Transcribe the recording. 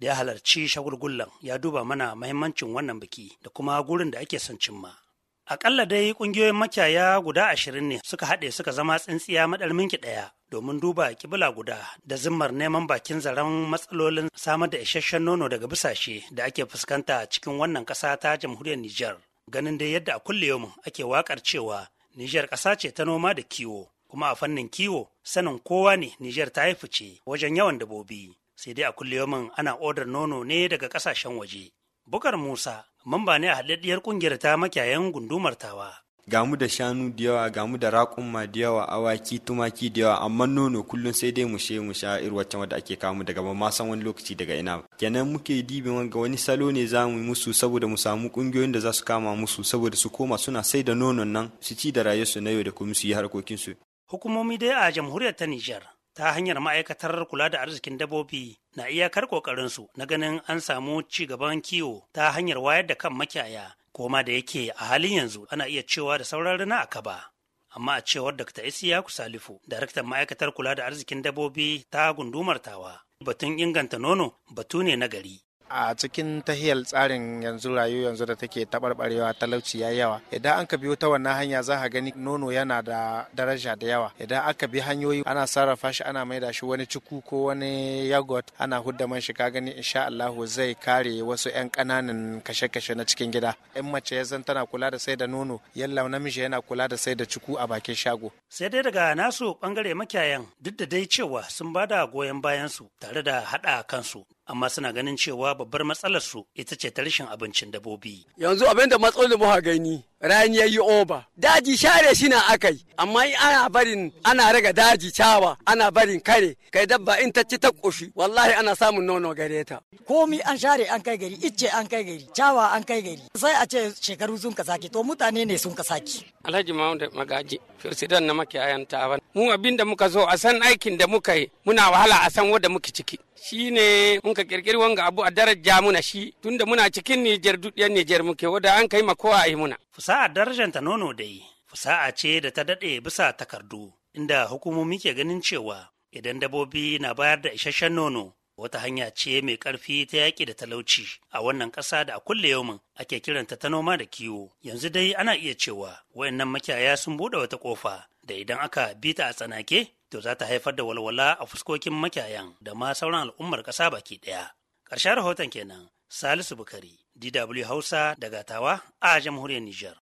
da ya halarci shagulgullan ya duba mana mahimmancin wannan biki da kuma gurin da ake son cimma. Akalla dai ƙungiyoyin makiyaya guda ashirin ne suka haɗe suka zama tsintsiya maɗalmin ki ɗaya domin duba kibila guda da zimmar neman bakin zaren matsalolin samar da isasshen nono daga bisashe da ake fuskanta cikin wannan ƙasa ta jamhuriyar Nijar. Ganin dai yadda a kulle yau ake waƙar cewa Nijar ƙasa ce ta noma da kiwo, kuma a fannin kiwo sanin kowa ne Nijar ta yi fice wajen yawan dabobi. sai dai a kulliyomin ana odar nono ne daga kasashen waje. Bukar Musa, mamba ne a haɗaɗɗiyar ƙungiyar ta makiyayen gundumar tawa. gamu da shanu da yawa gamu da raƙumma da yawa awaki tumaki da yawa amma nono kullum sai dai mu she mu sha irin wacce wanda ake kamu daga ba san wani lokaci daga ina kenan muke dibin wanga wani salo ne za mu yi musu saboda mu samu ƙungiyoyin da za su kama musu saboda su koma suna sai da nonon nan su ci da rayuwarsu na yau da kuma su yi harkokinsu. hukumomi dai a jamhuriyar ta Nijar ta hanyar ma'aikatar kula da arzikin dabbobi na iyakar ƙoƙarinsu na ganin an samu ci gaban kiwo ta hanyar wayar da kan makiyaya koma da yake a halin yanzu ana iya cewa da sauran rana a kaba. Amma a cewar Dr. isiya Salifu, daraktan ma'aikatar kula da arzikin dabbobi ta gundumar tawa, batun inganta nono batu ne na gari. a cikin tahiyar tsarin yanzu rayu yanzu da take taɓarɓarewa talauci ya yawa idan an ka biyo ta wannan hanya za ka gani nono yana da daraja da yawa idan aka bi hanyoyi ana sarrafa shi ana maida shi wani cuku ko wani yagot ana hudda man shi ka gani insha Allah zai kare wasu 'yan kananan kashe-kashe na cikin gida in mace ya zan tana kula da sai da nono yalla na namiji yana kula da sai da cuku a bakin shago sai dai daga nasu bangare makiyayan duk da dai cewa sun bada goyon bayan su tare da haɗa kansu amma suna ganin cewa babbar matsalar su ita ce ta rashin abincin dabobi yanzu abin da matsalolin muka gani rani ya yi oba. Daji share shi na aka yi, amma ana barin ana raga daji cawa, ana barin kare, kai dabba in ta ci ta ƙoshi, wallahi ana samun nono gare ta. Komi an share an kai gari, icce an kai gari, cawa an kai gari, sai a ce shekaru sun ka sake, to mutane ne sun ka sake. Alhaji Mahmud Magaji, Firsidan na makiyayan ta Mu abin da muka zo a san aikin da muka yi, muna wahala a san wadda muke ciki. shi ne mun ka kirkiri wanga abu a daraja muna shi tunda muna cikin Nijar duk yan Nijar muke wadda an kai makowa a yi muna. Fusa'ar darajanta nono dai, fusa'a ce da ta daɗe bisa takardu, inda hukumomi ke ganin cewa idan dabobi na bayar da isasshen nono wata hanya ce mai ƙarfi ta yaƙi da talauci a wannan ƙasa da a kulle yaumin ake kiranta ta noma da kiwo yanzu dai ana iya cewa wayannan makiyaya sun buɗe wata ƙofa da idan aka bi ta a tsanake to za ta haifar da walwala a fuskokin makiyayan da ma sauran al'ummar ƙasa baki ɗaya ƙarshen rahoton kenan Salisu Bukari, DW Hausa daga Tawa a jamhuriyar Nijar.